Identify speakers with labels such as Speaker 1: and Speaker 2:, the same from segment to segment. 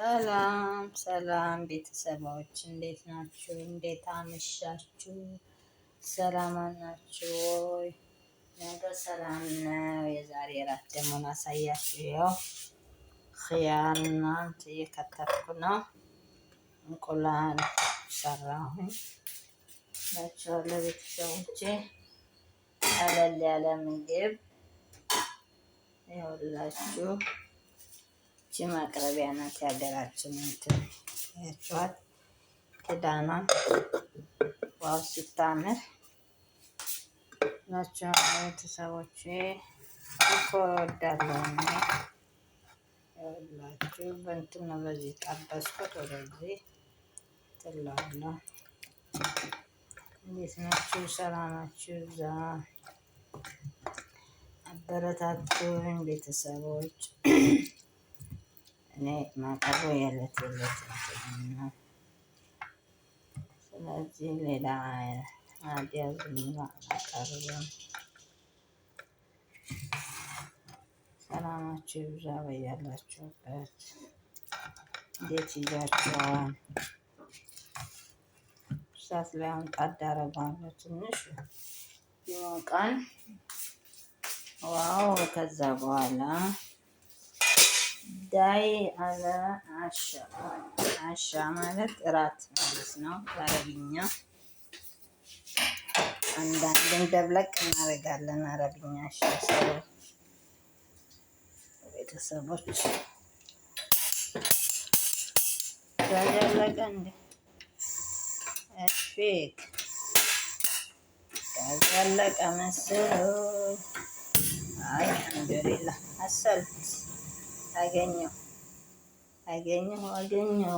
Speaker 1: ሰላም ሰላም ቤተሰቦች እንዴት ናችሁ? እንዴት አመሻችሁ? ሰላም ናችሁ ወይ? ነገ ሰላም ነው። የዛሬ እራት ደግሞ እናሳያችሁ። ያው ክያር እናንት እየከተፍኩ ነው። እንቁላል ሰራሁኝ ናቸው ለቤተሰቦቼ ቀለል ያለ ምግብ ይኸውላችሁ። ማቅረቢያ ናት። የሀገራችን እንትን ያችኋት ክዳኗን ዋው ስታምር ናቸው። ቤተሰቦች እወዳለሁ ላችሁ በእንትን ነው። በዚህ ጠበስኩት፣ ወደዚህ ትለዋለሁ። እንዴት ናችሁ? ሰላማችሁ? እዛ አበረታቱኝ ቤተሰቦች እኔ ማቀርበው የለት የለት ነው። ስለዚህ ሌላ አዲያዝ ዝምላ አቀርበም። ሰላማችሁ ይብዛ በያላችሁበት። እንዴት ይዛችኋል? እሳት ላይ አምጣት ዳረጓለሁ ትንሽ ይሞቃል። ዋው ከዛ በኋላ ዳይ አለ አሻ ማለት እራት ማለት ነው በአረብኛ። አንዳንድን ደብለቅ እናደርጋለን አረብኛ አሻ ቤተሰቦች ደብለቀ ፌክ ያለቀ መስሎ አልሐምዱሊላህ አሰልት አገኘሁ አገኘው አገኘሁ።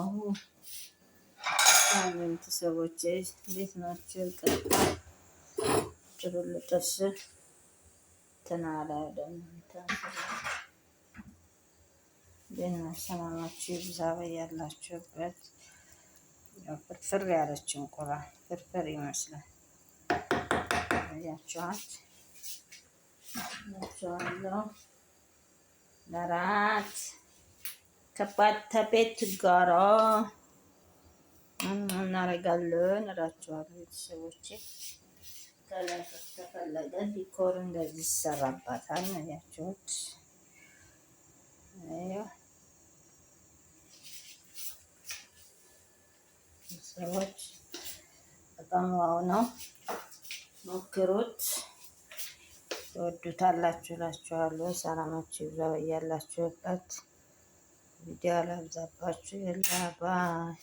Speaker 1: ሳምንት ሰዎች እንዴት ናቸው? ጥሩ ልጥርስ ትናላለን። ሰላማችሁ ይብዛ በያላችሁበት። ፍርፍር ያለች እንቁላል ፍርፍር ይመስላል። ያችኋት ያችኋለሁ ለራት ከባድ ተቤት ጋራ እናደርጋለን እላችኋለሁ ቤተሰቦቼ። ተፈለገ ዲኮር እንደዚህ ይሰራባታል። ያችሁት ሰዎች በጣም ዋው ነው፣ ሞክሩት። ትወዱታላችሁ እላችኋለሁ። ሰላማችሁ ይብዛ በያላችሁበት። ቪዲዮ አላብዛባችሁ። የላ ባይ